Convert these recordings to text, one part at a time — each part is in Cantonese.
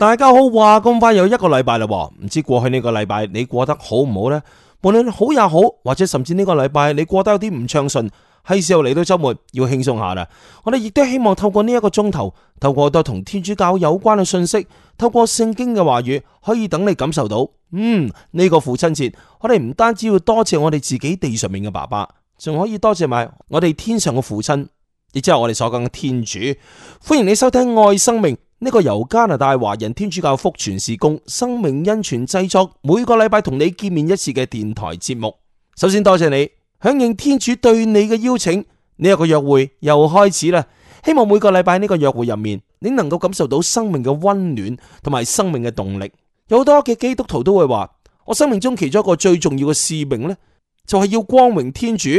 大家好，話咁快又一個禮拜啦，唔知過去呢個禮拜你過得好唔好呢？無論好也好，或者甚至呢個禮拜你過得有啲唔暢順，係時候嚟到周末要輕鬆下啦。我哋亦都希望透過呢一個鐘頭，透過多同天主教有關嘅信息，透過聖經嘅話語，可以等你感受到，嗯，呢個父親節，我哋唔單止要多謝我哋自己地上面嘅爸爸，仲可以多謝埋我哋天上嘅父親，亦即係我哋所講嘅天主。歡迎你收聽愛生命。呢個由加拿大華人天主教福傳事工生命恩泉製作，每個禮拜同你見面一次嘅電台節目。首先多謝你響應天主對你嘅邀請，呢一個約會又開始啦。希望每個禮拜呢個約會入面，你能夠感受到生命嘅溫暖同埋生命嘅動力。有好多嘅基督徒都會話，我生命中其中一個最重要嘅使命呢，就係要光榮天主，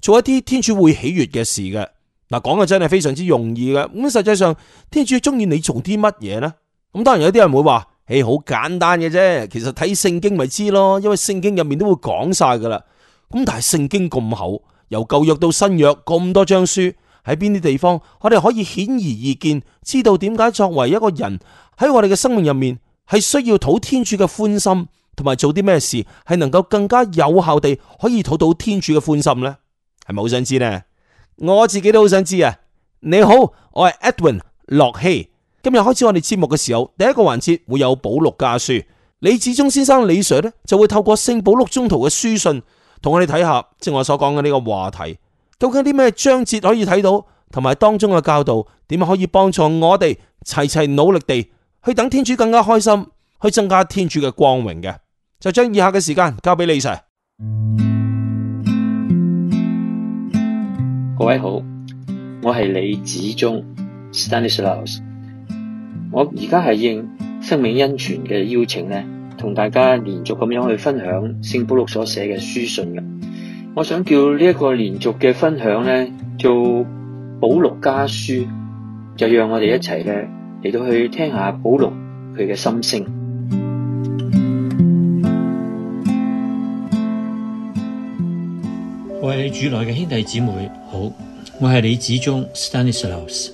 做一啲天主會喜悅嘅事嘅。嗱，講嘅真係非常之容易嘅。咁實際上，天主中意你做啲乜嘢呢？咁當然有啲人會話：誒，好簡單嘅啫。其實睇聖經咪知咯，因為聖經入面都會講晒噶啦。咁但係聖經咁厚，由舊約到新約咁多張書，喺邊啲地方，我哋可以顯而易見知道點解作為一個人喺我哋嘅生命入面係需要討天主嘅歡心，同埋做啲咩事，係能夠更加有效地可以討到天主嘅歡心呢？係咪好想知呢？我自己都好想知啊！你好，我係 Edwin 洛希。今日開始我哋節目嘅時候，第一個環節會有保祿家書。李志忠先生李 Sir 咧就會透過聖保祿中途嘅書信，同我哋睇下，即我所講嘅呢個話題，究竟啲咩章節可以睇到，同埋當中嘅教導，點樣可以幫助我哋齊齊努力地去等天主更加開心，去增加天主嘅光榮嘅。就將以下嘅時間交俾李 Sir。各位好，我係李子忠 （Stanislaus），我而家係應生命恩泉嘅邀請咧，同大家連續咁樣去分享聖保禄所寫嘅書信嘅。我想叫呢一個連續嘅分享咧，做保禄家書，就讓我哋一齊咧嚟到去聽下保禄佢嘅心聲。各位主內嘅兄弟姊妹好，我係李子忠 Stanislaus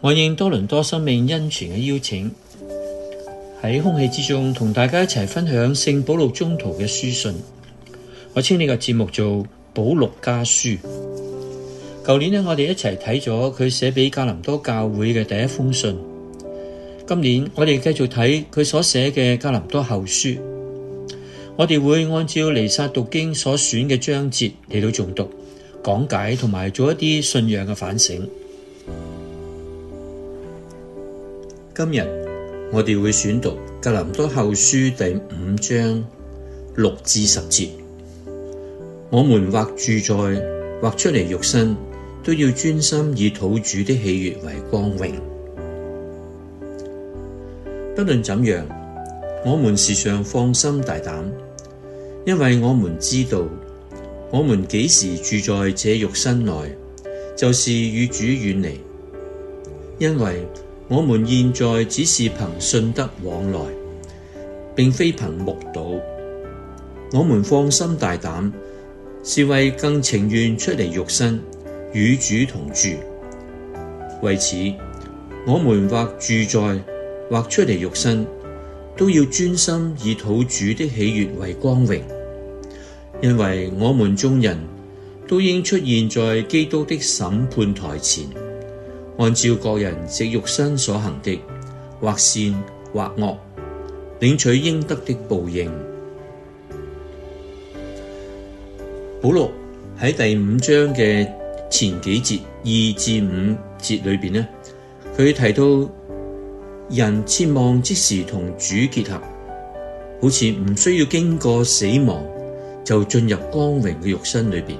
我應多倫多生命恩泉嘅邀請，喺空氣之中同大家一齊分享聖保祿中途嘅書信，我稱呢個節目做保祿家書。舊年我哋一齊睇咗佢寫俾加林多教會嘅第一封信，今年我哋繼續睇佢所寫嘅加林多後書。我哋會按照《彌撒讀經》所選嘅章節嚟到誦讀、講解同埋做一啲信仰嘅反省。今日我哋會選讀《格林多後書》第五章六至十節。我們或住在、或出嚟肉身，都要專心以土主的喜悅為光榮。不論怎樣，我們時常放心大膽。因為我們知道，我們幾時住在這肉身內，就是與主遠離。因為我們現在只是憑信德往來，並非憑目睹。我們放心大膽，是為更情願出嚟肉身與主同住。為此，我們或住在或出嚟肉身，都要專心以討主的喜悅為光榮。因為我們中人都應出現在基督的審判台前，按照各人藉肉身所行的，或善或惡，領取應得的報應。保羅喺第五章嘅前幾節二至五節裏邊咧，佢提到人切望即時同主結合，好似唔需要經過死亡，就進入光榮嘅肉身裏面。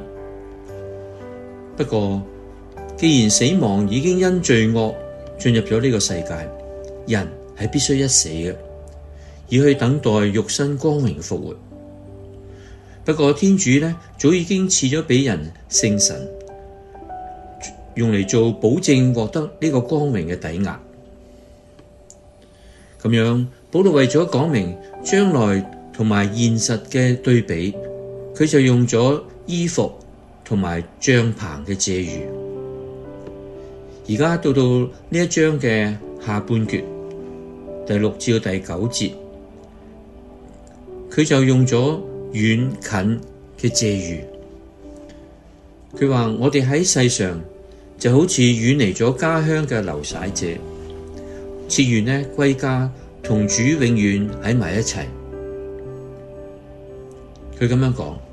不過，既然死亡已經因罪惡進入咗呢個世界，人係必須一死嘅，而去等待肉身光榮復活。不過，天主呢早已經賜咗俾人聖神，用嚟做保證獲得呢個光榮嘅抵押。咁樣，保羅為咗講明將來同埋現實嘅對比。佢就用咗衣服同埋帳篷嘅借喻。而家到到呢一章嘅下半節第六至到第九節，佢就用咗遠近嘅借喻。佢話我哋喺世上就好似遠離咗家鄉嘅流徙者，切願呢歸家同主永遠喺埋一齊。佢咁樣講。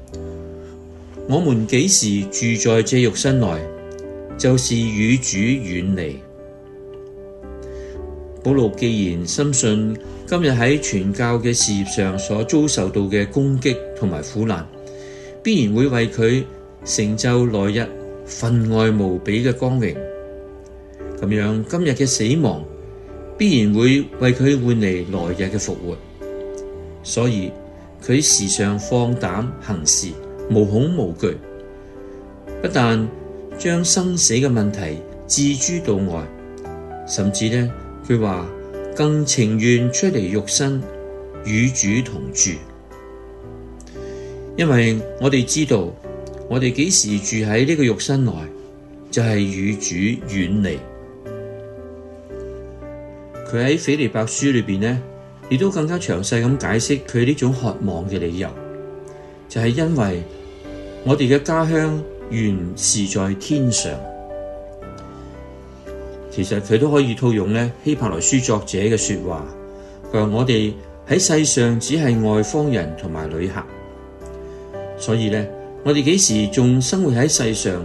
我們幾時住在這肉身內，就是與主遠離。保羅既然深信今日喺傳教嘅事業上所遭受到嘅攻擊同埋苦難，必然會為佢成就來日分外無比嘅光榮。咁樣今日嘅死亡，必然會為佢換嚟來，來日嘅復活。所以佢時常放膽行事。無恐無懼，不但將生死嘅問題置諸度外，甚至呢，佢話更情願出嚟肉身與主同住，因為我哋知道，我哋幾時住喺呢個肉身內，就係與主遠離。佢喺腓立比書裏邊呢，亦都更加詳細咁解釋佢呢種渴望嘅理由，就係因為。我哋嘅家鄉原是在天上，其實佢都可以套用呢希伯來書作者嘅說話，佢話我哋喺世上只係外方人同埋旅客，所以呢，我哋幾時仲生活喺世上，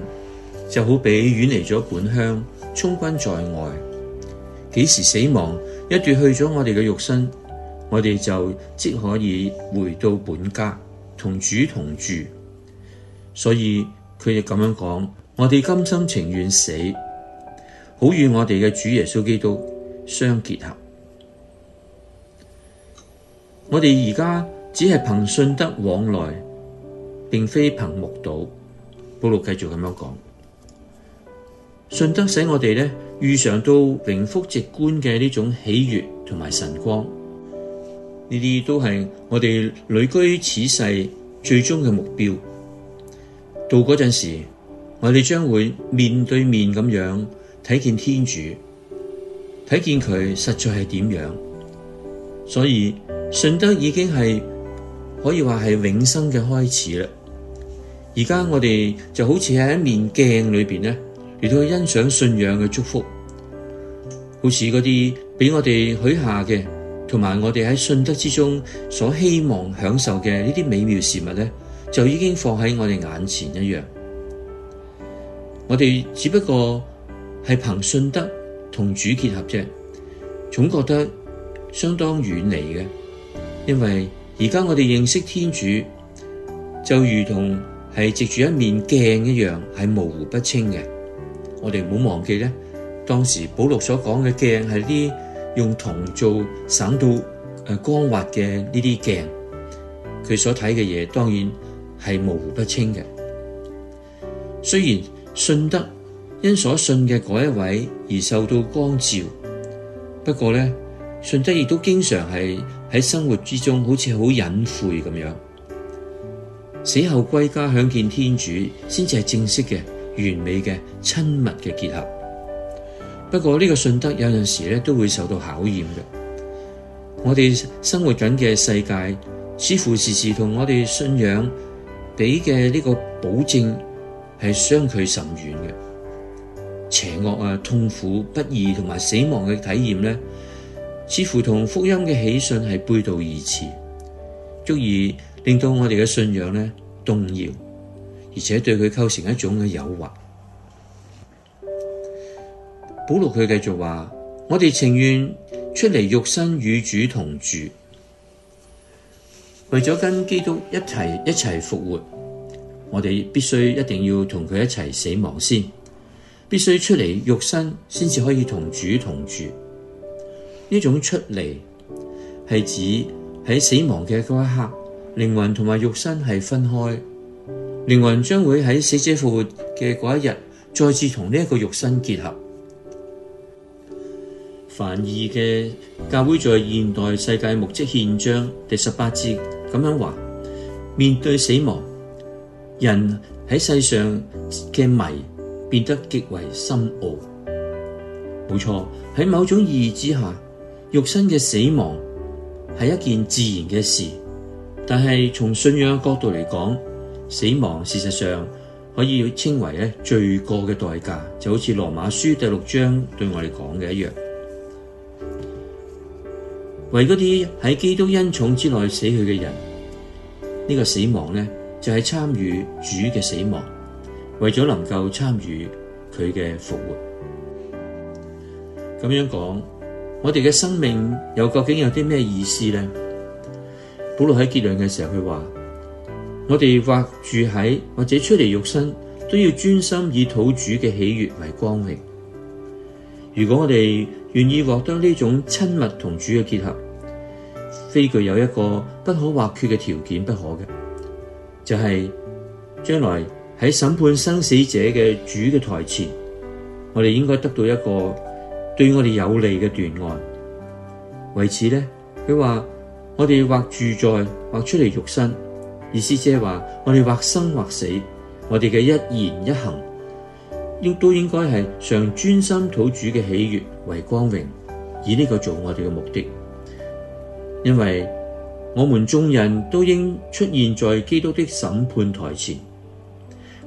就好比遠離咗本鄉，充軍在外。幾時死亡，一奪去咗我哋嘅肉身，我哋就即可以回到本家，同主同住。所以佢哋咁樣講：「我哋甘心情願死，好與我哋嘅主耶穌基督相結合。我哋而家只係憑信德往來，並非憑目睹。」保羅繼續咁樣講，信德使我哋咧遇上到榮福直觀嘅呢種喜悅同埋神光，呢啲都係我哋旅居此世最終嘅目標。到嗰陣時，我哋將會面對面咁樣睇見天主，睇見佢實在係點樣。所以，信德已經係可以話係永生嘅開始啦。而家我哋就好似喺一面鏡裏邊咧，嚟到去欣賞信仰嘅祝福，好似嗰啲俾我哋許下嘅，同埋我哋喺信德之中所希望享受嘅呢啲美妙事物咧。就已經放喺我哋眼前一樣，我哋只不過係憑信德同主結合啫，總覺得相當遠離嘅，因為而家我哋認識天主就如同係藉住一面鏡一樣，係模糊不清嘅。我哋唔好忘記咧，當時保祿所講嘅鏡係啲用銅做、省到光滑嘅呢啲鏡，佢所睇嘅嘢當然。係模糊不清嘅。雖然信德因所信嘅嗰一位而受到光照，不過咧，信德亦都經常係喺生活之中，好似好隱晦咁樣。死後歸家，享見天主，先至係正式嘅、完美嘅、親密嘅結合。不過呢個信德有陣時咧，都會受到考驗嘅。我哋生活緊嘅世界，似乎時時同我哋信仰俾嘅呢個保證係相距甚遠嘅。邪惡啊、痛苦、不義同埋死亡嘅體驗呢，似乎同福音嘅喜訊係背道而馳，足以令到我哋嘅信仰呢動搖，而且對佢構成一種嘅誘惑。保羅佢繼續話：我哋情願出嚟肉身與主同住。為咗跟基督一齊一齊復活，我哋必須一定要同佢一齊死亡先，必須出嚟肉身，先至可以同主同住。呢種出嚟係指喺死亡嘅嗰一刻，靈魂同埋肉身係分開，靈魂將會喺死者復活嘅嗰一日，再次同呢一個肉身結合。梵二嘅教會在現代世界牧職憲章第十八節。咁樣話，面對死亡，人喺世上嘅迷變得極為深奧。冇錯，喺某種意義之下，肉身嘅死亡係一件自然嘅事。但係從信仰嘅角度嚟講，死亡事實上可以稱為咧罪過嘅代價，就好似羅馬書第六章對我哋講嘅一樣，為嗰啲喺基督恩寵之內死去嘅人。呢個死亡呢，就係參與主嘅死亡，為咗能夠參與佢嘅復活。咁樣講，我哋嘅生命又究竟有啲咩意思呢？保羅喺結論嘅時候，佢話：我哋或住喺或者出嚟肉身，都要專心以討主嘅喜悅為光榮。如果我哋願意獲得呢種親密同主嘅結合。非具有一個不可或缺嘅條件不可嘅，就係、是、將來喺審判生死者嘅主嘅台前，我哋應該得到一個對我哋有利嘅斷案。為此咧，佢話我哋要畫住在畫出嚟肉身，意思即係話我哋畫生畫死，我哋嘅一言一行，亦都應該係常專心討主嘅喜悅為光榮，以呢個做我哋嘅目的。因為我們眾人都應出現在基督的審判台前，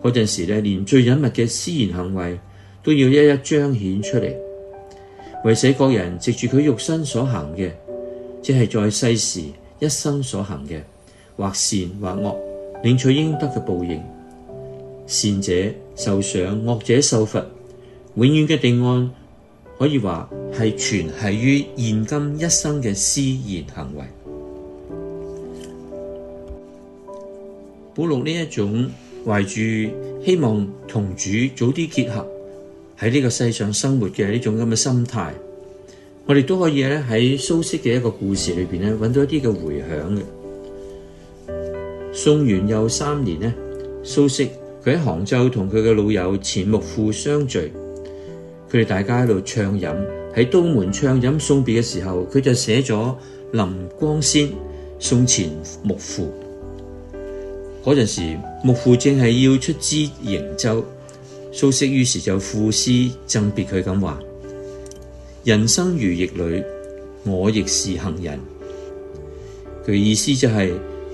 嗰陣時咧，連最隱密嘅私言行為都要一一彰顯出嚟，為使各人藉住佢肉身所行嘅，即係在世時一生所行嘅，或善或惡，領取應得嘅報應，善者受賞，惡者受罰，永遠嘅定案。可以話係全係於現今一生嘅私言行為。保羅呢一種懷住希望同主早啲結合喺呢個世上生活嘅呢種咁嘅心態，我哋都可以咧喺蘇軾嘅一個故事裏面咧，揾到一啲嘅回響嘅。宋元佑三年咧，蘇軾佢喺杭州同佢嘅老友錢穆父相聚。佢哋大家喺度唱飲，喺都門唱飲送別嘅時候，佢就寫咗《臨江仙·送錢穆父》那。嗰陣時，穆父正係要出知瀛州，蘇軾於是就賦詩贈別佢咁話：人生如逆旅，我亦是行人。佢意思就係、是、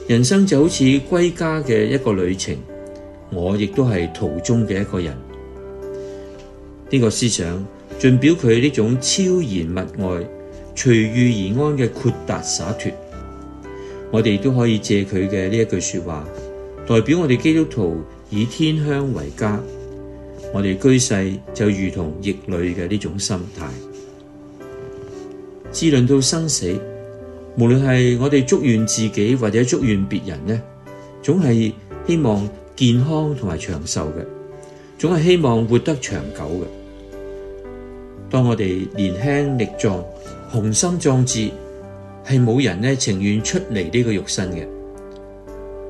人生就好似歸家嘅一個旅程，我亦都係途中嘅一個人。呢個思想盡表佢呢種超然物外、隨遇而安嘅豁達灑脫。我哋都可以借佢嘅呢一句說話，代表我哋基督徒以天鄉為家。我哋居世就如同逆旅嘅呢種心態。至論到生死，無論係我哋祝願自己或者祝願別人呢，總係希望健康同埋長壽嘅，總係希望活得長久嘅。當我哋年輕力壯、雄心壯志，係冇人情願出嚟呢個肉身嘅。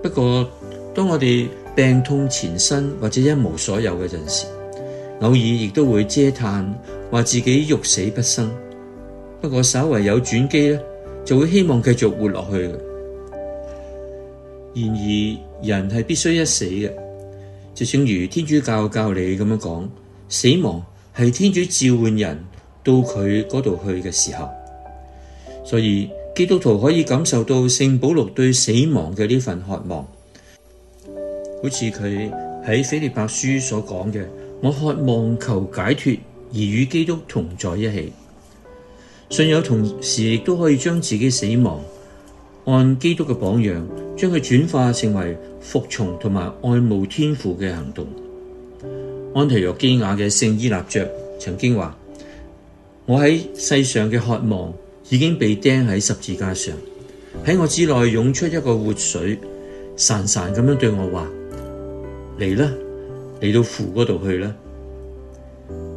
不過當我哋病痛纏身或者一無所有嘅陣時候，偶爾亦都會嗟嘆，話自己欲死不生。不過稍為有轉機呢，就會希望繼續活落去。然而人係必須一死嘅，就正如天主教教理咁樣講，死亡，係天主召喚人到佢嗰度去嘅時候，所以基督徒可以感受到聖保祿對死亡嘅呢份渴望，好似佢喺斐理伯書所講嘅：我渴望求解脫，而與基督同在一起。信友同時亦都可以將自己死亡，按基督嘅榜樣，將佢轉化成為服從同埋愛慕天父嘅行動。安提約基亞嘅聖依納爵曾經話：我喺世上嘅渴望已經被釘喺十字架上，喺我之內湧出一個活水，潺潺咁樣對我話：嚟啦，嚟到湖嗰度去啦。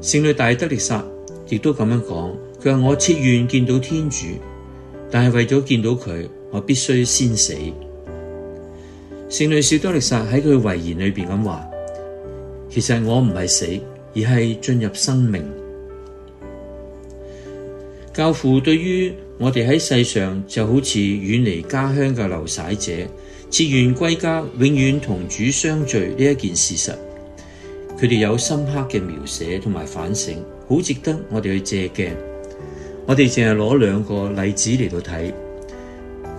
聖女大德肋撒亦都咁樣講，佢話，我切願見到天主，但係為咗見到佢，我必須先死。聖女小德肋撒喺佢遺言裏邊咁話。其實我唔係死，而係進入生命。教父對於我哋喺世上就好似遠離家鄉嘅流徙者，自願歸家，永遠同主相聚呢一件事實，佢哋有深刻嘅描寫同埋反省，好值得我哋去借鏡。我哋淨係攞兩個例子嚟到睇，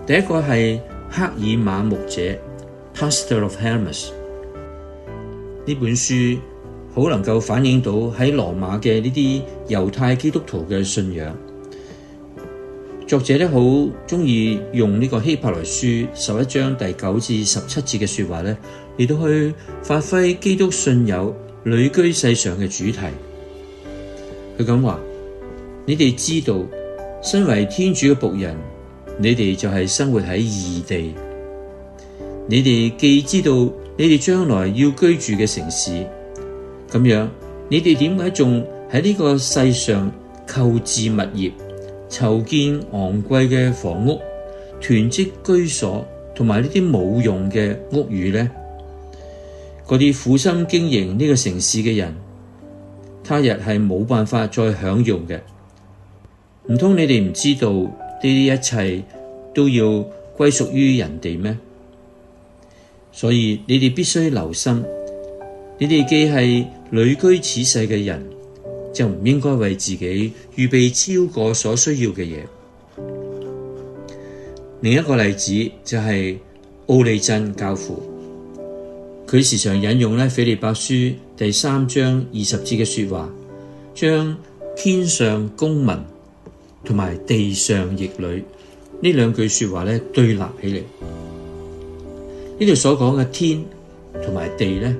第一個係赫爾馬牧者 （Pastor of Hermes 呢本書好能夠反映到喺羅馬嘅呢啲猶太基督徒嘅信仰，作者呢好鍾意用呢個希伯來書十一章第九至十七節嘅說話呢嚟到去發揮基督信友旅居世上嘅主題。佢咁話：你哋知道身為天主嘅僕人，你哋就係生活喺異地，你哋既知道。你哋將來要居住嘅城市，咁樣你哋點解仲喺呢個世上購置物業、籌建昂貴嘅房屋、囤積居所同埋呢啲冇用嘅屋宇呢？嗰啲苦心經營呢個城市嘅人，他日係冇辦法再享用嘅。唔通你哋唔知道呢啲一切都要歸屬於人哋咩？所以你哋必須留心，你哋既係旅居此世嘅人，就唔應該為自己預備超過所需要嘅嘢。另一個例子就係奧利鎮教父，佢時常引用咧腓力伯書第三章二十節嘅說話，「將天上公民同埋地上逆旅」。呢兩句說話咧對立起嚟。呢度所講嘅天同埋地呢，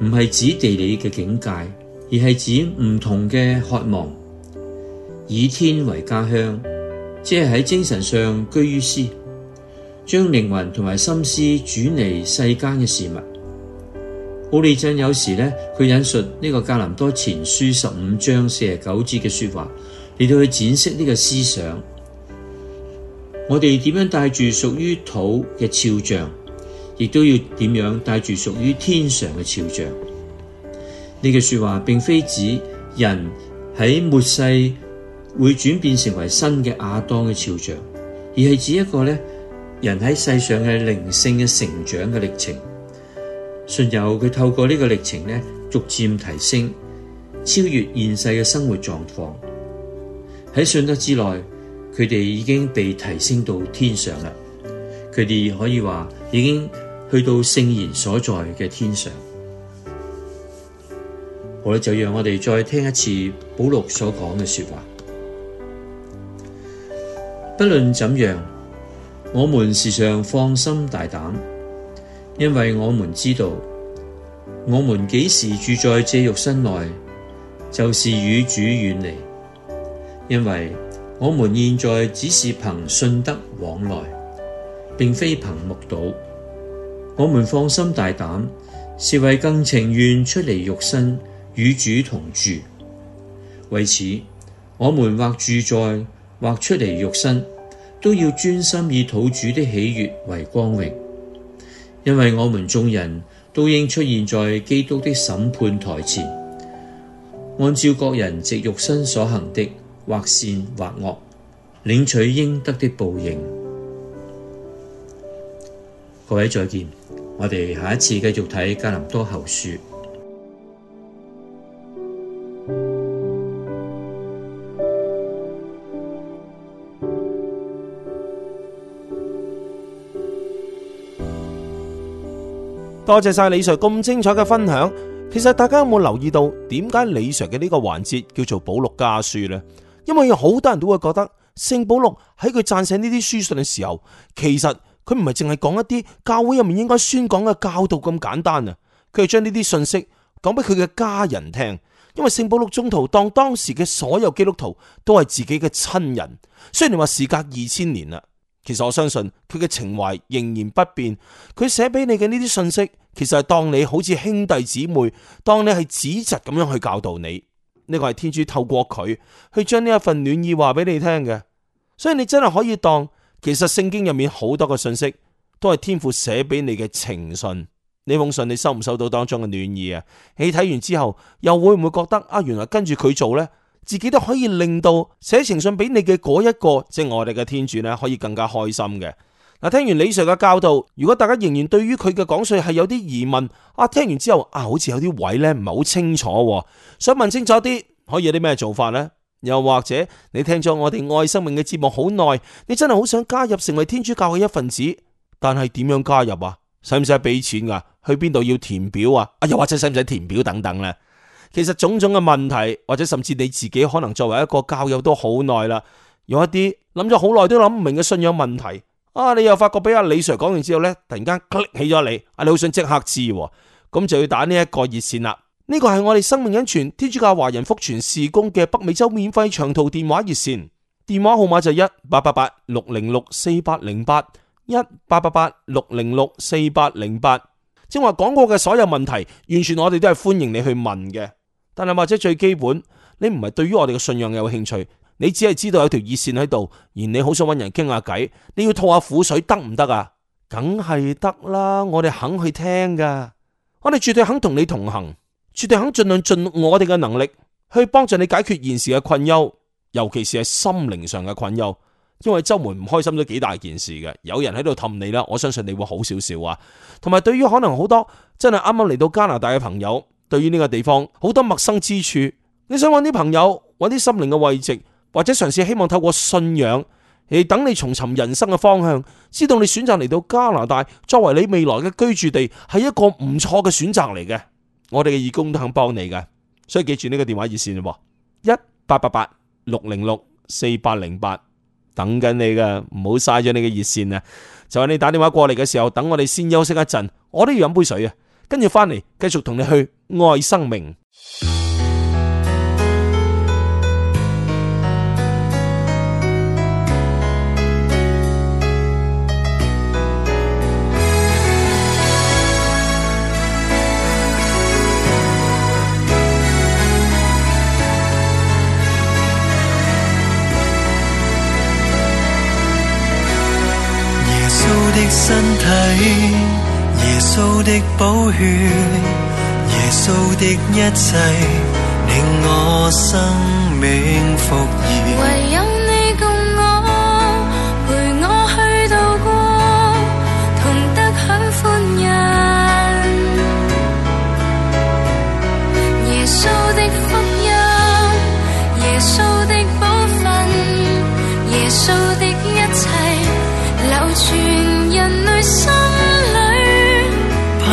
唔係指地理嘅境界，而係指唔同嘅渴望。以天為家鄉，即係喺精神上居於斯，將靈魂同埋心思轉離世間嘅事物。奧利鎮有時呢，佢引述呢個格林多前書十五章四十九節嘅説話，嚟到去展示呢個思想。我哋點樣帶住屬於土嘅肖像？亦都要點樣帶住屬於天上嘅肖像。呢句說話並非指人喺末世會轉變成為新嘅亞當嘅肖像，而係指一個咧人喺世上嘅靈性嘅成長嘅歷程。信由佢透過呢個歷程咧，逐漸提升，超越現世嘅生活狀況。喺信德之內，佢哋已經被提升到天上啦。佢哋可以話已經。去到聖言所在嘅天上，我哋就讓我哋再聽一次保祿所講嘅說的話。不論怎樣，我們時常放心大膽，因為我們知道，我們幾時住在這肉身內，就是與主遠離，因為我們現在只是憑信德往來，並非憑目睹。我們放心大膽，是為更情願出離肉身與主同住。為此，我們或住在，或出離肉身，都要專心以討主的喜悦為光榮，因為我們眾人都應出現在基督的審判台前，按照各人藉肉身所行的，或善或惡，領取應得的報應。各位再見，我哋下一次繼續睇加林多後書。多謝晒李 Sir 咁精彩嘅分享。其實大家有冇留意到，點解李 Sir 嘅呢個環節叫做保禄家書呢？因為有好多人都會覺得聖保禄喺佢撰寫呢啲書信嘅時候，其實。佢唔係淨係講一啲教會入面應該宣講嘅教導咁簡單啊！佢係將呢啲信息講俾佢嘅家人聽，因為聖保祿宗徒當當時嘅所有基督徒都係自己嘅親人。雖然你話時隔二千年啦，其實我相信佢嘅情懷仍然不變。佢寫俾你嘅呢啲信息，其實係當你好似兄弟姊妹，當你係子姪咁樣去教導你，呢、這個係天主透過佢去將呢一份暖意話俾你聽嘅。所以你真係可以當。其實聖經入面好多嘅信息，都係天父寫俾你嘅情信。呢封信你收唔收到當中嘅暖意啊？你睇完之後，又會唔會覺得啊，原來跟住佢做呢？自己都可以令到寫情信俾你嘅嗰一個，即係我哋嘅天主呢，可以更加開心嘅。嗱，聽完李 Sir 嘅教導，如果大家仍然對於佢嘅講述係有啲疑問，啊，聽完之後啊，好似有啲位呢唔係好清楚，想問清楚啲，可以有啲咩做法呢？又或者你聽咗我哋愛生命嘅節目好耐，你真係好想加入成為天主教嘅一份子，但係點樣加入啊？使唔使俾錢啊？去邊度要填表啊？啊又或者使唔使填表等等咧？其實種種嘅問題，或者甚至你自己可能作為一個教友都好耐啦，有一啲諗咗好耐都諗唔明嘅信仰問題啊，你又發覺俾阿李 Sir 講完之後咧，突然間 click 起咗你，啊你好想即刻知，咁就要打呢一個熱線啦。呢個係我哋生命恩泉天主教華人福傳事工嘅北美洲免費長途電話熱線，電話號碼就係一八八八六零六四八零八一八八八六零六四八零八。正話講過嘅所有問題，完全我哋都係歡迎你去問嘅。但係或者最基本，你唔係對於我哋嘅信仰有興趣，你只係知道有條熱線喺度，而你好想搵人傾下偈，你要吐下苦水得唔得啊？梗係得啦，我哋肯去聽噶，我哋絕對肯同你同行。絕對肯盡量盡我哋嘅能力去幫助你解決現時嘅困擾，尤其是係心靈上嘅困擾。因為周末唔開心咗幾大件事嘅，有人喺度氹你啦，我相信你會好少少啊。同埋，對於可能好多真係啱啱嚟到加拿大嘅朋友，對於呢個地方好多陌生之處，你想揾啲朋友，揾啲心靈嘅慰藉，或者嘗試希望透過信仰嚟等你重尋人生嘅方向，知道你選擇嚟到加拿大作為你未來嘅居住地係一個唔錯嘅選擇嚟嘅。我哋嘅義工都肯幫你㗎，所以記住呢個電話熱線咯，一八八八六零六四八零八，等緊你㗎，唔好嘥咗你嘅熱線啊！就係你打電話過嚟嘅時候，等我哋先休息一陣，我都要飲杯水啊！跟住翻嚟繼續同你去愛生命。 身體，耶穌的寶血，耶穌的一切，令我生命復燃。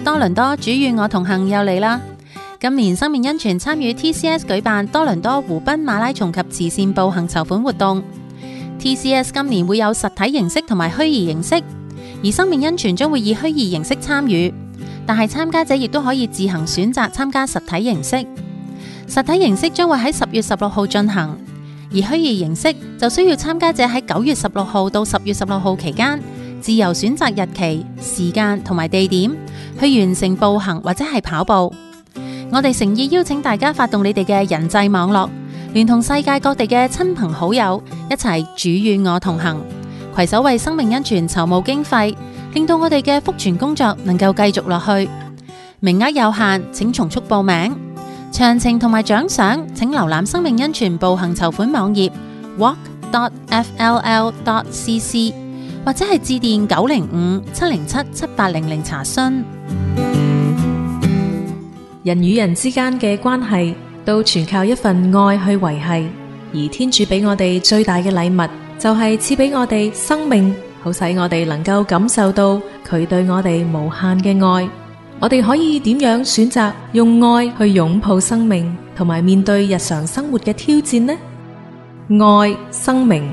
多倫多，主與我同行又嚟啦。今年生命恩泉參與 TCS 舉辦多倫多湖濱馬拉松及慈善步行籌款活動。TCS 今年會有實體形式同埋虛擬形式，而生命恩泉將會以虛擬形式參與，但係參加者亦都可以自行選擇參加實體形式。實體形式將會喺十月十六號進行，而虛擬形式就需要參加者喺九月十六號到十月十六號期間自由選擇日期、時間同埋地點。去完成步行或者係跑步，我哋誠意邀請大家發動你哋嘅人際網絡，聯同世界各地嘅親朋好友一齊主與我同行，攜手為生命恩泉籌募經費，令到我哋嘅福傳工作能夠繼續落去。名額有限，請從速報名，詳情同埋獎賞，請瀏覽生命恩泉步行籌款網頁 walk.fll.cc。或者係致電九零五七零七七八零零查詢。人與人之間嘅關係，都全靠一份愛去維繫。而天主俾我哋最大嘅禮物，就係賜俾我哋生命，好使我哋能夠感受到佢對我哋無限嘅愛。我哋可以點樣選擇用愛去擁抱生命，同埋面對日常生活嘅挑戰呢？愛、生命。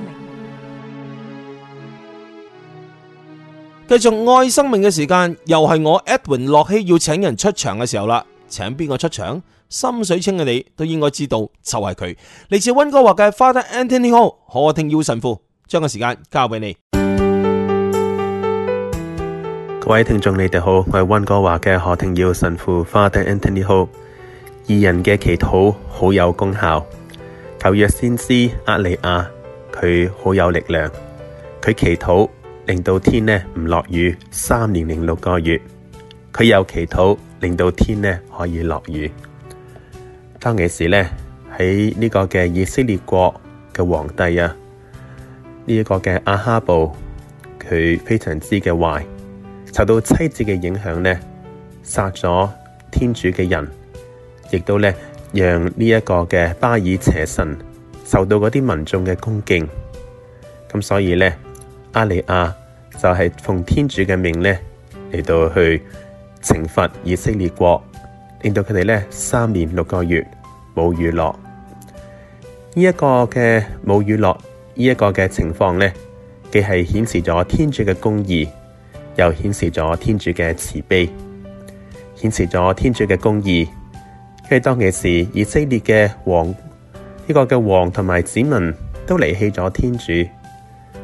繼續愛生命嘅時間，又係我 Edwin 洛希要請人出場嘅時候啦。請邊個出場？心水清嘅你都應該知道就，就係佢。嚟自溫哥華嘅 Father Anthony Ho 何庭耀神父，將個時間交俾你。各位聽眾，你哋好，我係溫哥華嘅何庭耀神父，Father Anthony Ho。二人嘅祈禱好有功效。舊約先知阿利亞，佢好有力量，佢祈禱。令到天呢唔落雨三年零六個月，佢又祈禱令到天呢可以落雨。當其時呢，喺呢個嘅以色列國嘅皇帝啊，呢一個嘅阿哈布佢非常之嘅壞，受到妻子嘅影響呢，殺咗天主嘅人，亦都呢，讓呢一個嘅巴爾邪神受到嗰啲民眾嘅恭敬。咁所以呢，阿里亞。就係奉天主嘅命咧，嚟到去懲罰以色列國，令到佢哋咧三年六個月冇雨落。呢一個嘅冇雨落，呢一個嘅情況咧，既係顯示咗天主嘅公義，又顯示咗天主嘅慈悲，顯示咗天主嘅公義。因為當其時，以色列嘅王呢個嘅王同埋子民都離棄咗天主，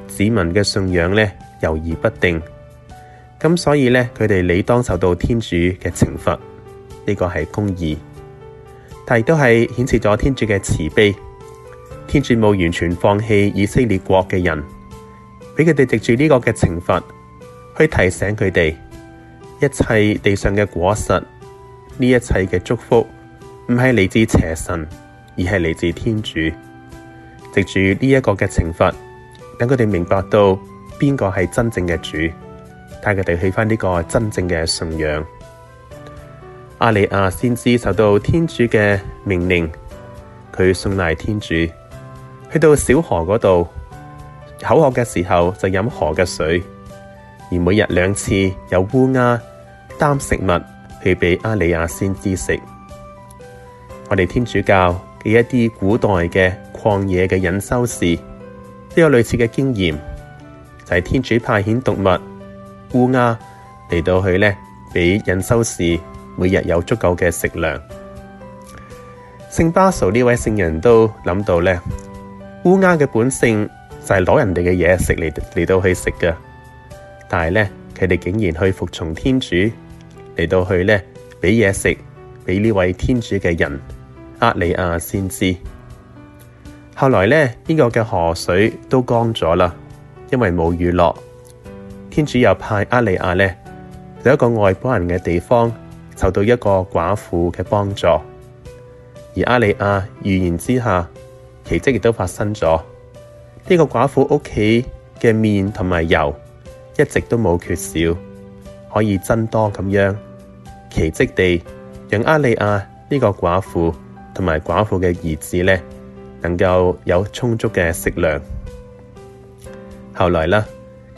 子民嘅信仰咧，猶而不定，咁所以咧，佢哋理當受到天主嘅懲罰，呢、這個係公義，但亦都係顯示咗天主嘅慈悲。天主冇完全放棄以色列國嘅人，俾佢哋藉住呢個嘅懲罰，去提醒佢哋一切地上嘅果實，呢一切嘅祝福唔係嚟自邪神，而係嚟自天主。藉住呢一個嘅懲罰，等佢哋明白到。邊個係真正嘅主？帶佢哋去返呢個真正嘅信仰。阿里亞先知受到天主嘅命令，佢信賴天主去到小河嗰度，口渴嘅時候就飲河嘅水，而每日兩次有烏鴉擔食物去俾阿里亞先知食。我哋天主教嘅一啲古代嘅曠野嘅隱修士都有類似嘅經驗。就係天主派遣動物烏鴉嚟到去呢，畀隱修士每日有足夠嘅食糧。聖巴蘇呢位聖人都諗到呢，烏鴉嘅本性就係攞人哋嘅嘢食嚟嚟到去食㗎，但係呢，佢哋竟然去服從天主嚟到去呢，俾嘢食俾呢位天主嘅人厄里亞先知。後來呢，呢、這個嘅河水都乾咗啦。因為冇雨落，天主又派阿利亞呢，在一個外邦人嘅地方，受到一個寡婦嘅幫助。而阿利亞預言之下，奇蹟亦都發生咗。呢、這個寡婦屋企嘅麵同埋油一直都冇缺少，可以增多咁樣，奇蹟地讓阿利亞呢個寡婦同埋寡婦嘅兒子呢，能夠有充足嘅食糧。後來啦，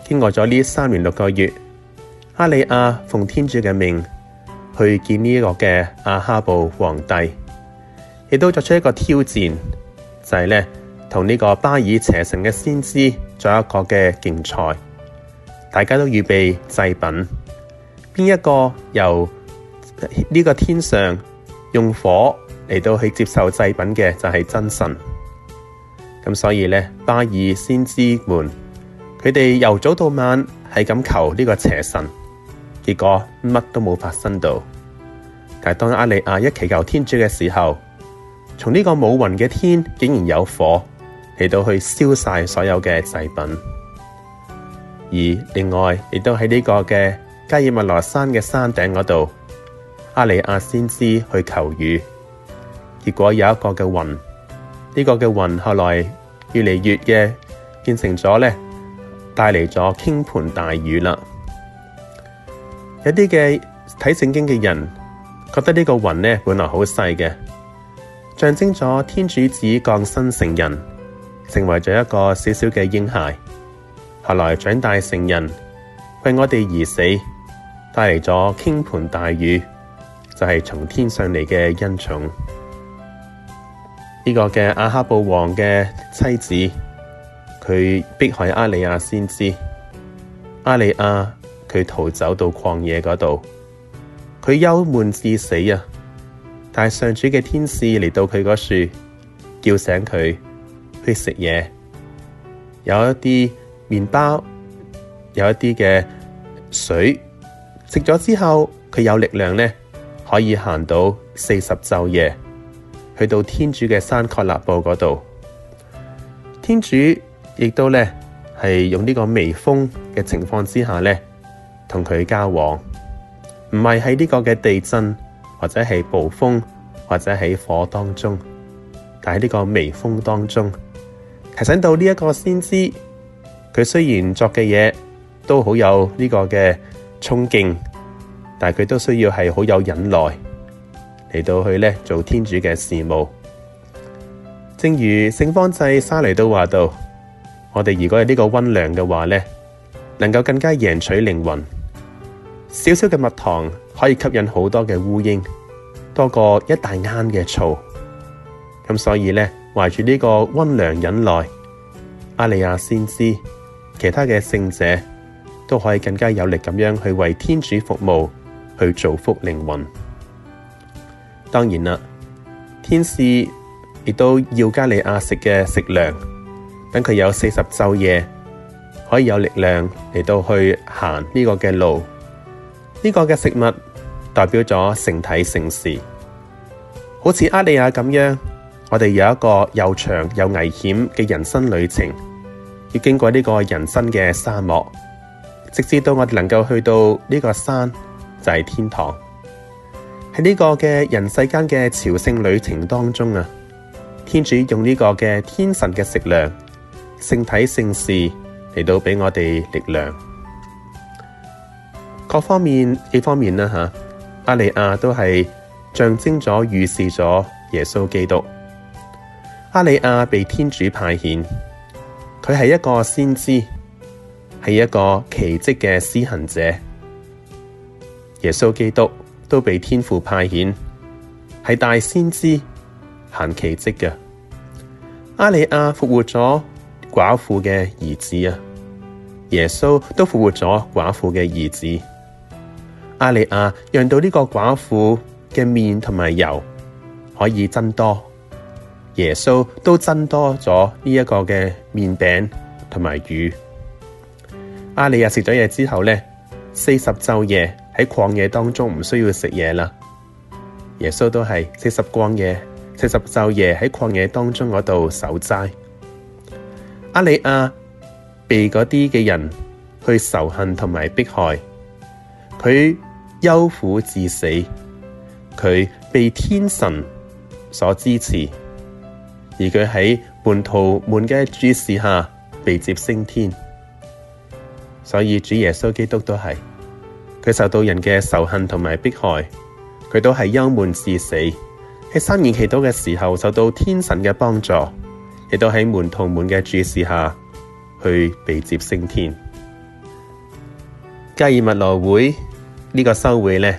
經過咗呢三年六個月，哈利亞奉天主嘅命去見呢一個嘅阿哈布皇帝，亦都作出一個挑戰，就係咧同呢個巴爾邪神嘅先知做一個嘅競賽。大家都預備祭品，邊一個由呢個天上用火嚟到去接受祭品嘅就係真神。咁所以咧，巴爾先知們。佢哋由早到晚係咁求呢個邪神，結果乜都冇發生到。但係當阿里亞一祈求天主嘅時候，從呢個冇雲嘅天竟然有火嚟到去燒晒所有嘅祭品。而另外亦都喺呢個嘅加爾默羅山嘅山頂嗰度，阿里亞先知去求雨，結果有一個嘅雲，呢個嘅雲後來越嚟越嘅變成咗呢。帶嚟咗傾盆大雨啦！有啲嘅睇聖經嘅人覺得呢個雲呢，本來好細嘅，象徵咗天主子降生成人，成為咗一個小小嘅嬰孩。後來長大成人，為我哋而死，帶嚟咗傾盆大雨，就係、是、從天上嚟嘅恩寵。呢、這個嘅阿哈布王嘅妻子。佢迫害，阿里亞先知阿里亞，佢逃走到曠野嗰度，佢憂悶至死啊！但上主嘅天使嚟到佢嗰處，叫醒佢去食嘢，有一啲麵包，有一啲嘅水，食咗之後，佢有力量咧，可以行到四十晝夜，去到天主嘅山，曷勒布嗰度，天主。亦都咧係用呢個微風嘅情況之下咧，同佢交往，唔係喺呢個嘅地震或者係暴風或者喺火當中，但喺呢個微風當中提醒到呢一個先知，佢雖然做嘅嘢都好有呢個嘅衝勁，但係佢都需要係好有忍耐嚟到去咧做天主嘅事務。正如聖方濟沙雷都話到。我哋如果係呢個溫良嘅話咧，能夠更加贏取靈魂。少少嘅蜜糖可以吸引好多嘅烏蠅，多過一大啱嘅醋。咁所以咧，懷住呢個溫良忍耐，阿利亞先知，其他嘅聖者都可以更加有力咁樣去為天主服務，去造福靈魂。當然啦，天使亦都要加利亞食嘅食糧。等佢有四十晝夜可以有力量嚟到去行呢個嘅路。呢個嘅食物代表咗聖體聖事，好似厄利亞咁樣，我哋有一個又長又危險嘅人生旅程，要經過呢個人生嘅沙漠，直至到我哋能夠去到呢個山就係天堂。喺呢個嘅人世間嘅朝聖旅程當中啊，天主用呢個嘅天神嘅食糧。聖體聖事嚟到畀我哋力量，各方面幾方面啦吓。阿里亞都係象徵咗預示咗耶穌基督。阿里亞被天主派遣，佢係一個先知，係一個奇蹟嘅施行者。耶穌基督都被天父派遣，係大先知行奇蹟嘅。阿里亞復活咗。寡婦嘅兒子啊，耶穌都復活咗寡婦嘅兒子。阿里亞讓到呢個寡婦嘅麵同埋油可以增多，耶穌都增多咗呢一個嘅麵餅同埋魚。阿里亞食咗嘢之後咧，四十晝夜喺曠野當中唔需要食嘢啦。耶穌都係四十光夜，四十晝夜喺曠野當中嗰度守齋。阿里亞被嗰啲嘅人去仇恨同埋迫害，佢憂苦至死，佢被天神所支持，而佢喺門徒們嘅注視下被接升天。所以主耶穌基督都係佢受到人嘅仇恨同埋迫害，佢都係憂悶至死，喺三年祈禱嘅時候受到天神嘅幫助。亦都喺門徒們嘅注視下去，被接升天。加爾密羅會呢個修會呢，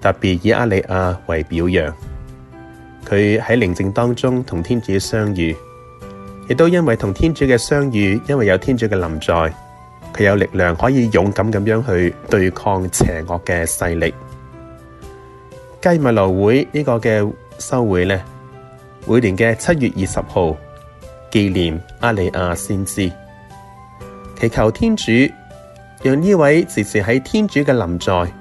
特別以阿里亞為表揚。佢喺寧靜當中同天主相遇，亦都因為同天主嘅相遇，因為有天主嘅臨在，佢有力量可以勇敢咁樣去對抗邪惡嘅勢力。加爾密羅會呢個嘅修會呢，每年嘅七月二十號。紀念阿里亞先知，祈求天主讓呢位時時喺天主嘅臨在，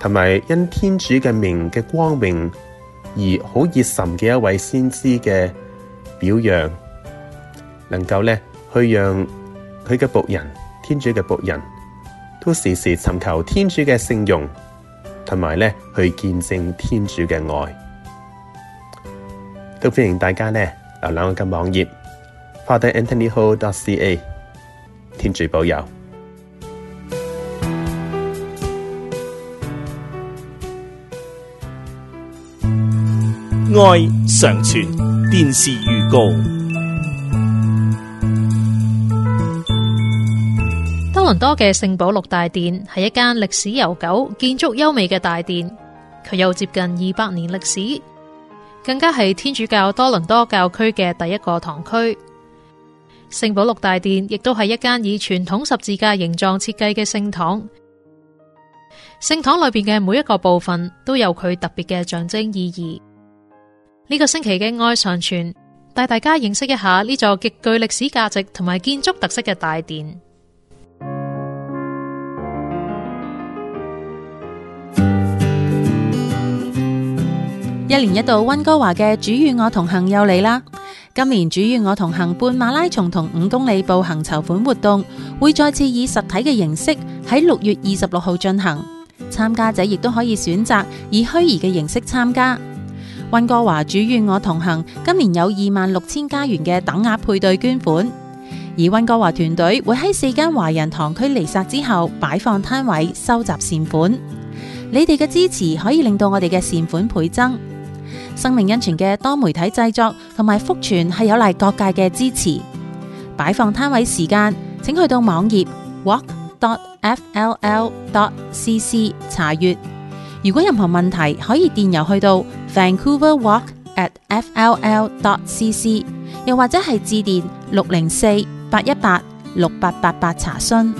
同埋因天主嘅名嘅光明而好熱忱嘅一位先知嘅表揚，能夠咧去讓佢嘅僕人，天主嘅僕人，都時時尋求天主嘅聖容，同埋咧去見證天主嘅愛。都歡迎大家咧瀏覽我嘅網頁。Father Anthony Ho dot C. A. 天主保佑，愛常傳。電視預告：多倫多嘅聖保祿大殿係一間歷史悠久、建築優美嘅大殿，佢有接近二百年歷史，更加係天主教多倫多教區嘅第一個堂區。聖保祿大殿亦都係一間以傳統十字架形狀設計嘅聖堂，聖堂裏邊嘅每一個部分都有佢特別嘅象徵意義。呢、這個星期嘅愛上傳帶大家認識一下呢座極具歷史價值同埋建築特色嘅大殿。一年一度温哥華嘅主與我同行又嚟啦。今年主與我同行半馬拉松同五公里步行籌款活動會再次以實體嘅形式喺六月二十六號進行。參加者亦都可以選擇以虛擬嘅形式參加温哥華主與我同行。今年有二萬六千加元嘅等額配對捐款，而温哥華團隊會喺四間華人堂區彌撒之後擺放攤位收集善款。你哋嘅支持可以令到我哋嘅善款倍增。生命恩泉嘅多媒體製作同埋福傳係有賴各界嘅支持。擺放攤位時間，請去到網頁 walk.fll.cc 查閱。如果任何問題，可以電郵去到 vancouver.walk@fll.cc，又或者係致電六零四八一八六八八八查詢。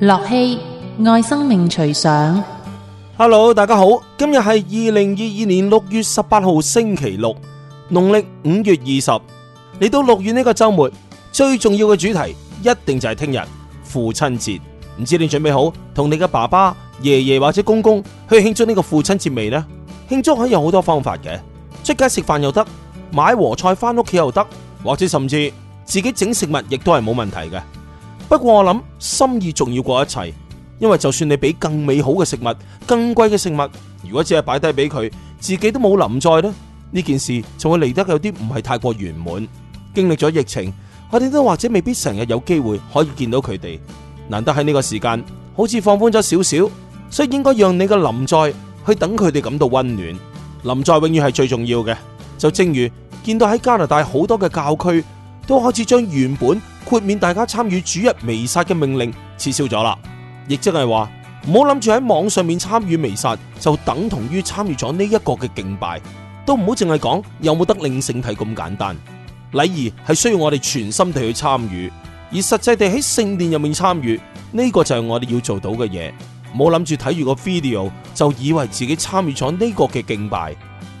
樂器。愛生命，隨想。Hello，大家好。今日係二零二二年六月十八號，星期六，農曆五月二十。嚟到六月呢個周末，最重要嘅主題一定就係聽日父親節。唔知你準備好同你嘅爸爸、爺爺或者公公去慶祝呢個父親節未呢？慶祝可以有好多方法嘅，出街食飯又得，買和菜翻屋企又得，或者甚至自己整食物，亦都係冇問題嘅。不過我諗心意重要過一切。因為就算你俾更美好嘅食物，更貴嘅食物，如果只係擺低俾佢，自己都冇臨在呢，呢件事就會嚟得有啲唔係太過圓滿。經歷咗疫情，我哋都或者未必成日有機會可以見到佢哋。難得喺呢個時間，好似放寬咗少少，所以應該讓你嘅臨在去等佢哋感到溫暖。臨在永遠係最重要嘅。就正如見到喺加拿大好多嘅教區都開始將原本豁免大家參與主日彌撒嘅命令撤銷咗啦。亦即係話，唔好諗住喺網上面參與彌撒，就等同於參與咗呢一個嘅敬拜。都唔好淨係講有冇得領聖體咁簡單。禮儀係需要我哋全心地去參與，而實際地喺聖殿入面參與呢個就係我哋要做到嘅嘢。唔好諗住睇住個 video 就以為自己參與咗呢個嘅敬拜。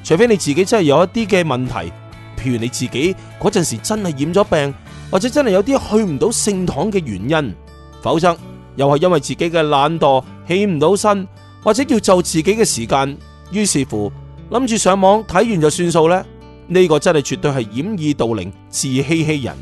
除非你自己真係有一啲嘅問題，譬如你自己嗰陣時真係染咗病，或者真係有啲去唔到聖堂嘅原因，否則。又係因為自己嘅懶惰起唔到身，或者要就自己嘅時間，於是乎諗住上網睇完就算數呢，呢、呢個真係絕對係掩耳盜鈴、自欺欺人。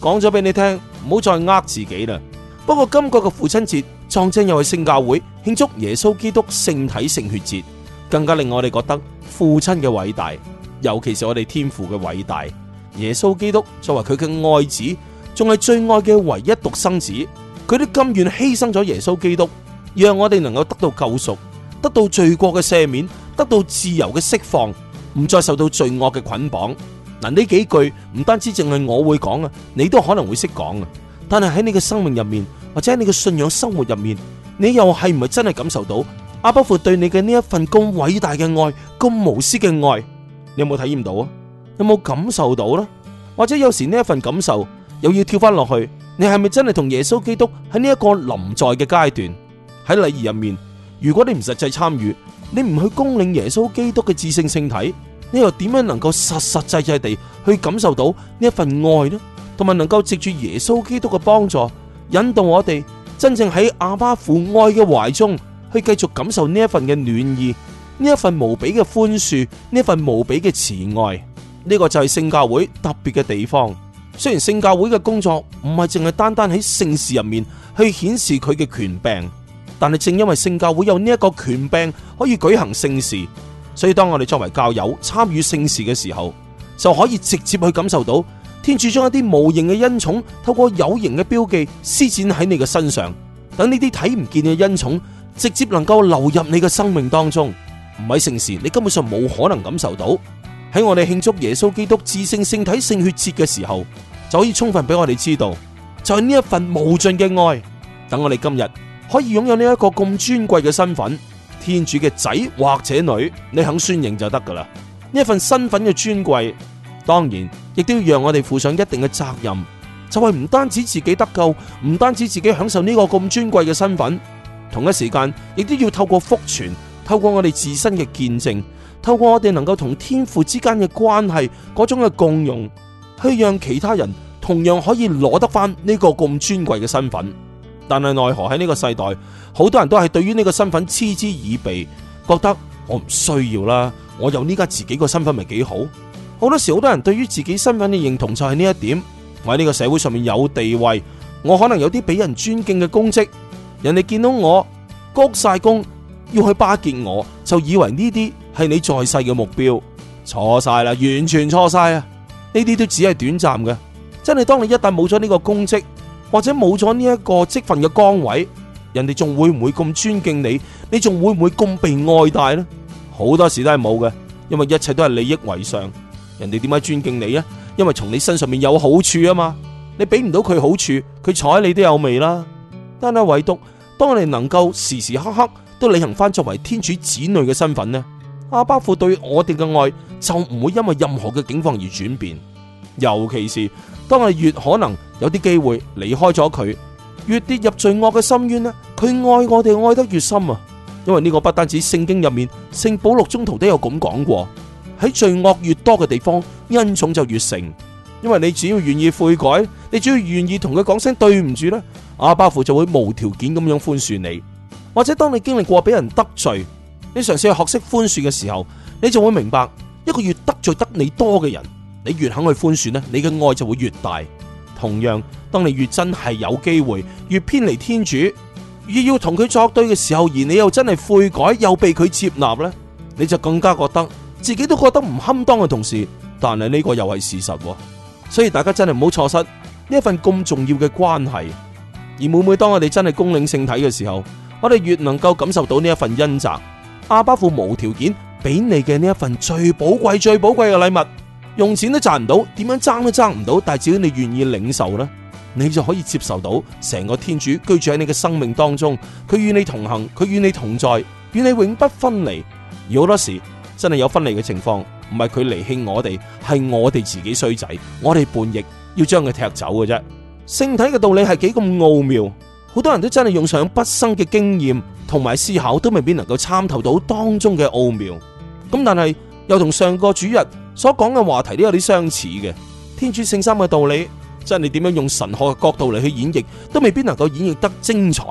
講咗俾你聽，唔好再呃自己啦。不過今個嘅父親節，撞正又係聖教會慶祝耶穌基督聖體聖血節，更加令我哋覺得父親嘅偉大，尤其是我哋天父嘅偉大。耶穌基督作為佢嘅愛子，仲係最愛嘅唯一獨生子。佢都甘願犧牲咗耶穌基督，讓我哋能夠得到救贖，得到罪過嘅赦免，得到自由嘅釋放，唔再受到罪惡嘅捆綁。嗱，呢幾句唔單止淨係我會講啊，你都可能會識講啊。但係喺你嘅生命入面，或者喺你嘅信仰生活入面，你又係唔係真係感受到阿伯父對你嘅呢一份咁偉大嘅愛、咁無私嘅愛？你有冇體驗到啊？有冇感受到咧？或者有時呢一份感受又要跳翻落去？你係咪真係同耶穌基督喺呢一個臨在嘅階段喺禮儀入面？如果你唔實際參與，你唔去供領耶穌基督嘅至聖聖體，你又點樣能夠實實際際地去感受到呢一份愛呢？同埋能夠藉住耶穌基督嘅幫助，引導我哋真正喺阿巴父愛嘅懷中，去繼續感受呢一份嘅暖意，呢一份無比嘅寬恕，呢一份無比嘅慈愛，呢個就係聖教會特別嘅地方。雖然聖教會嘅工作唔係淨係單單喺聖事入面去顯示佢嘅權柄，但係正因為聖教會有呢一個權柄可以舉行聖事，所以當我哋作為教友參與聖事嘅時候，就可以直接去感受到天主將一啲無形嘅恩寵透過有形嘅標記施展喺你嘅身上，等呢啲睇唔見嘅恩寵直接能夠流入你嘅生命當中。唔係聖事，你根本上冇可能感受到。喺我哋慶祝耶穌基督至聖聖體聖血節嘅時候，就可以充分俾我哋知道，就係呢一份無盡嘅愛。等我哋今日可以擁有呢一個咁尊貴嘅身份，天主嘅仔或者女，你肯宣認就得噶啦。呢一份身份嘅尊貴，當然亦都要讓我哋負上一定嘅責任，就係、是、唔單止自己得救，唔單止自己享受呢個咁尊貴嘅身份，同一時間亦都要透過福傳。透過我哋自身嘅見證，透過我哋能夠同天父之間嘅關係嗰種嘅共融，去讓其他人同樣可以攞得翻呢個咁尊貴嘅身份。但係奈何喺呢個世代，好多人都係對於呢個身份嗤之以鼻，覺得我唔需要啦。我有呢家自己個身份咪幾好？好多時，好多人對於自己身份嘅認同就係呢一點。我喺呢個社會上面有地位，我可能有啲俾人尊敬嘅公職，人哋見到我鞠晒躬。要去巴結我，就以為呢啲係你在世嘅目標，錯晒啦，完全錯晒啊！呢啲都只係短暫嘅。真係當你一旦冇咗呢個公職，或者冇咗呢一個職份嘅崗位，人哋仲會唔會咁尊敬你？你仲會唔會咁被愛戴呢？好多時都係冇嘅，因為一切都係利益為上。人哋點解尊敬你啊？因為從你身上面有好處啊嘛。你俾唔到佢好處，佢睬你都有味啦。但係唯獨當你能夠時時刻刻。都履行翻作為天主子女嘅身份呢？阿巴父對我哋嘅愛就唔會因為任何嘅境況而轉變，尤其是當我越可能有啲機會離開咗佢，越跌入罪惡嘅深淵呢？佢愛我哋愛得越深啊！因為呢個不單止聖經入面，聖保禄宗徒都有咁講過：喺罪惡越多嘅地方，恩寵就越盛。因為你只要願意悔改，你只要願意同佢講聲對唔住啦，阿巴父就會無條件咁樣寬恕你。或者當你經歷過俾人得罪，你嘗試去學識寬恕嘅時候，你就會明白，一個越得罪得你多嘅人，你越肯去寬恕呢，你嘅愛就會越大。同樣，當你越真係有機會越偏離天主，越要同佢作對嘅時候，而你又真係悔改，又被佢接納呢，你就更加覺得自己都覺得唔堪當嘅同時，但係呢個又係事實，所以大家真係唔好錯失呢一份咁重要嘅關係。而每每當我哋真係恭領聖體嘅時候，我哋越能夠感受到呢一份恩澤，阿爸父無條件俾你嘅呢一份最寶貴、最寶貴嘅禮物，用錢都賺唔到，點樣爭都爭唔到，但係只要你願意領受呢，你就可以接受到成個天主居住喺你嘅生命當中，佢與你同行，佢與你同在，與你永不分離。而好多時真係有分離嘅情況，唔係佢離棄我哋，係我哋自己衰仔，我哋叛逆要將佢踢走嘅啫。聖體嘅道理係幾咁奧妙。好多人都真係用上畢生嘅經驗同埋思考，都未必能夠參透到當中嘅奧妙。咁但係又同上個主日所講嘅話題都有啲相似嘅天主聖三嘅道理，真係你點樣用神學嘅角度嚟去演繹，都未必能夠演繹得精彩。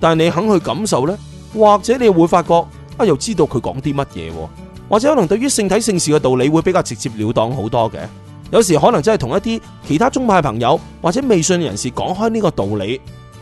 但係你肯去感受呢，或者你會發覺啊，又知道佢講啲乜嘢，或者可能對於聖體聖事嘅道理會比較直接了當好多嘅。有時可能真係同一啲其他宗派朋友或者未信人士講開呢個道理。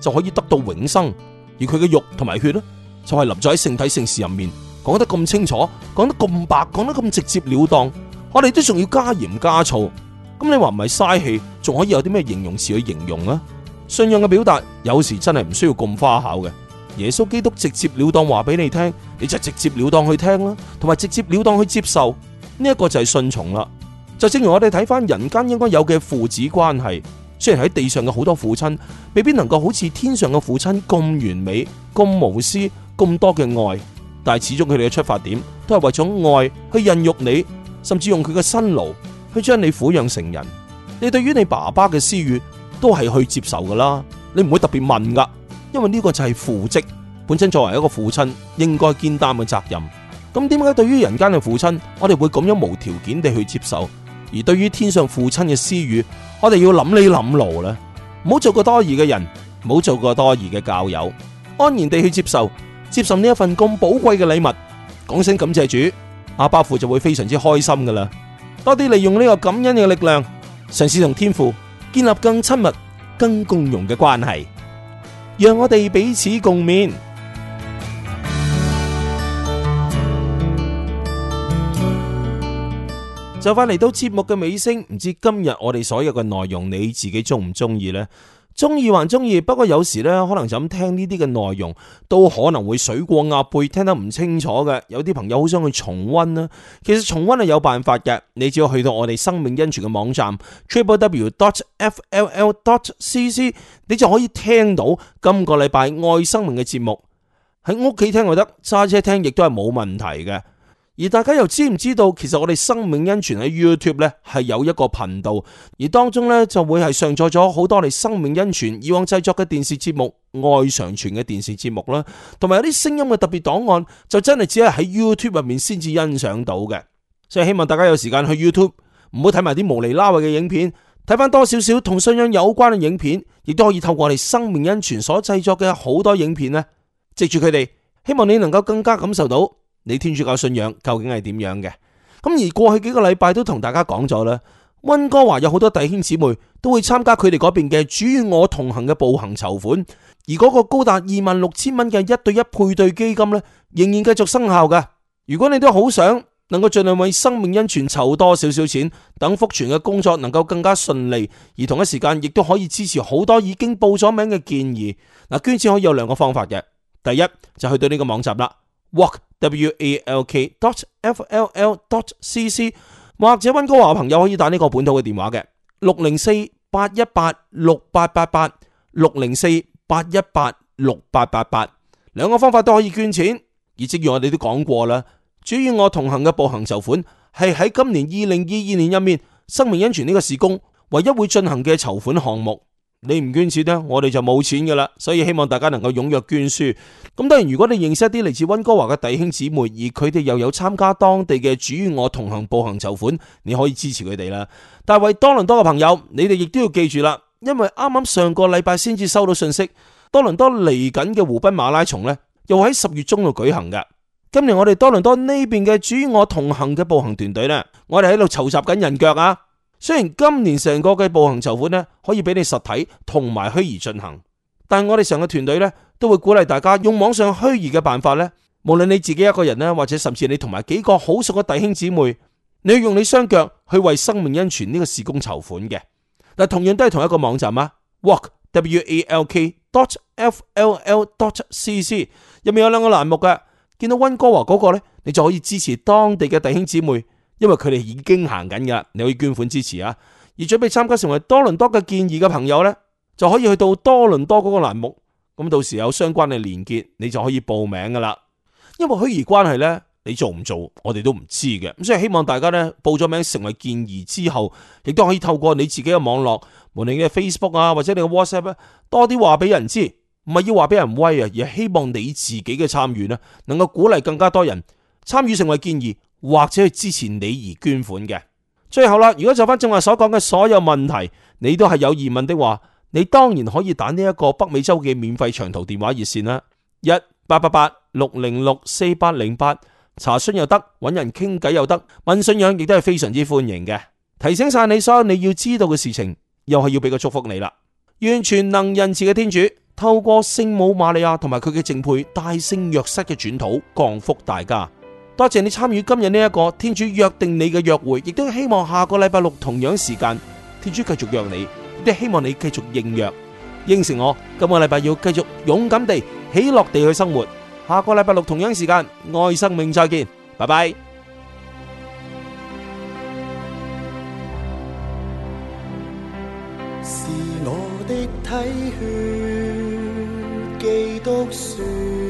就可以得到永生，而佢嘅肉同埋血呢，就係立咗喺聖體聖事入面。講得咁清楚，講得咁白，講得咁直接了當，我哋都仲要加鹽加醋。咁你話唔係嘥氣，仲可以有啲咩形容詞去形容啊？信仰嘅表達有時真係唔需要咁花巧嘅。耶穌基督直接了當話俾你聽，你就直接了當去聽啦，同埋直接了當去接受。呢一個就係信從啦。就正如我哋睇翻人間應該有嘅父子關係。雖然喺地上嘅好多父親未必能夠好似天上嘅父親咁完美、咁無私、咁多嘅愛，但係始終佢哋嘅出發點都係為咗愛去孕育你，甚至用佢嘅辛勞去將你撫養成人。你對於你爸爸嘅私語，都係去接受㗎啦，你唔會特別問㗎，因為呢個就係父職本身作為一個父親應該肩擔嘅責任。咁點解對於人間嘅父親，我哋會咁樣無條件地去接受？而對於天上父親嘅私語。我哋要諗呢諗路啦，唔好做過多疑嘅人，唔好做過多疑嘅教友，安然地去接受、接受呢一份咁寶貴嘅禮物，講聲感謝主，阿爸父就會非常之開心㗎喇。多啲利用呢個感恩嘅力量，嘗試同天父建立更親密、更共融嘅關係，讓我哋彼此共勉。就快嚟到節目嘅尾聲，唔知今日我哋所有嘅內容你自己中唔中意呢？中意還中意，不過有時呢，可能就咁聽呢啲嘅內容，都可能會水過鴨背，聽得唔清楚嘅。有啲朋友好想去重溫啊。其實重溫係有辦法嘅，你只要去到我哋生命恩泉嘅網站 www.fll.cc，你就可以聽到今個禮拜愛生命嘅節目，喺屋企聽就得，揸車聽亦都係冇問題嘅。而大家又知唔知道？其實我哋生命恩泉喺 YouTube 咧係有一個頻道，而當中咧就會係上載咗好多我哋生命恩泉以往製作嘅電視節目《愛常傳》嘅電視節目啦，同埋有啲聲音嘅特別檔案，就真係只係喺 YouTube 入面先至欣賞到嘅。所以希望大家有時間去 YouTube，唔好睇埋啲無厘啦嘅影片，睇翻多少少同信仰有關嘅影片，亦都可以透過我哋生命恩泉所製作嘅好多影片呢，藉住佢哋，希望你能夠更加感受到。你天主教信仰究竟係點樣嘅？咁而過去幾個禮拜都同大家講咗啦，溫哥華有好多弟兄姊妹都會參加佢哋嗰邊嘅主與我同行嘅步行籌款，而嗰個高達二萬六千蚊嘅一對一配對基金咧，仍然繼續生效㗎。如果你都好想能夠盡量為生命恩泉籌多少少錢，等福傳嘅工作能夠更加順利，而同一時間亦都可以支持好多已經報咗名嘅建議。嗱，捐錢可以有兩個方法嘅，第一就去到呢個網站啦，walk。Work. W A L K dot F L L dot C C 或者温哥華朋友可以打呢個本土嘅電話嘅六零四八一八六八八八六零四八一八六八八八兩個方法都可以捐錢。而正如我哋都講過啦，主要我同行嘅步行籌款係喺今年二零二二年入面生命恩泉呢個事工唯一會進行嘅籌款項目。你唔捐錢咧，我哋就冇錢噶啦，所以希望大家能夠踴躍捐輸。咁當然，如果你認識一啲嚟自溫哥華嘅弟兄姊妹，而佢哋又有參加當地嘅主與我同行步行籌款，你可以支持佢哋啦。但係多倫多嘅朋友，你哋亦都要記住啦，因為啱啱上個禮拜先至收到信息，多倫多嚟緊嘅湖濱馬拉松呢，又喺十月中度舉行㗎。今年我哋多倫多呢邊嘅主與我同行嘅步行團隊咧，我哋喺度籌集緊人腳啊！雖然今年成個嘅步行籌款咧，可以俾你實體同埋虛擬進行，但我哋成個團隊咧，都會鼓勵大家用網上虛擬嘅辦法咧，無論你自己一個人咧，或者甚至你同埋幾個好熟嘅弟兄姊妹，你要用你雙腳去為生命恩泉呢個事工籌款嘅。嗱，同樣都係同一個網站啊，walk w a l k dot f l l dot c c 入面有兩個欄目嘅，見到温哥華嗰個咧，你就可以支持當地嘅弟兄姊妹。因為佢哋已經行緊噶啦，你可以捐款支持啊！而準備參加成為多倫多嘅建議嘅朋友呢，就可以去到多倫多嗰個欄目，咁到時有相關嘅連結，你就可以報名噶啦。因為虛擬關係呢，你做唔做，我哋都唔知嘅，咁所以希望大家呢，報咗名成為建議之後，亦都可以透過你自己嘅網絡，無論你嘅 Facebook 啊，或者你嘅 WhatsApp 咧，多啲話俾人知，唔係要話俾人威啊，而係希望你自己嘅參與呢，能夠鼓勵更加多人參與成為建議。或者去支持你而捐款嘅。最後啦，如果就翻正話所講嘅所有問題，你都係有疑問的話，你當然可以打呢一個北美洲嘅免費長途電話熱線啦，一八八八六零六四八零八查詢又得，搵人傾偈又得，問信仰亦都係非常之歡迎嘅。提醒晒你所有你要知道嘅事情，又係要俾個祝福你啦。願全能仁慈嘅天主透過聖母瑪利亞同埋佢嘅淨配大聖若瑟嘅轉禱降福大家。多謝你參與今日呢一個天主約定你嘅約會，亦都希望下個禮拜六同樣時間，天主繼續約你，亦都希望你繼續應約，應承我，今個禮拜要繼續勇敢地、喜樂地去生活。下個禮拜六同樣時間，愛生命再見，拜拜。是我的體血記讀書。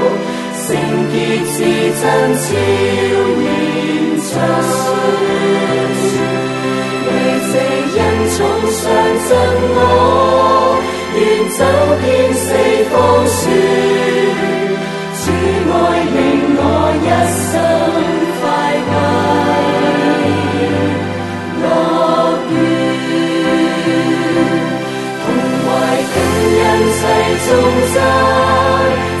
聖潔至真，超然哉，為謝恩寵常讚我，願走遍四方傳，主愛令我一生快慰樂園，同懷感恩世眾生。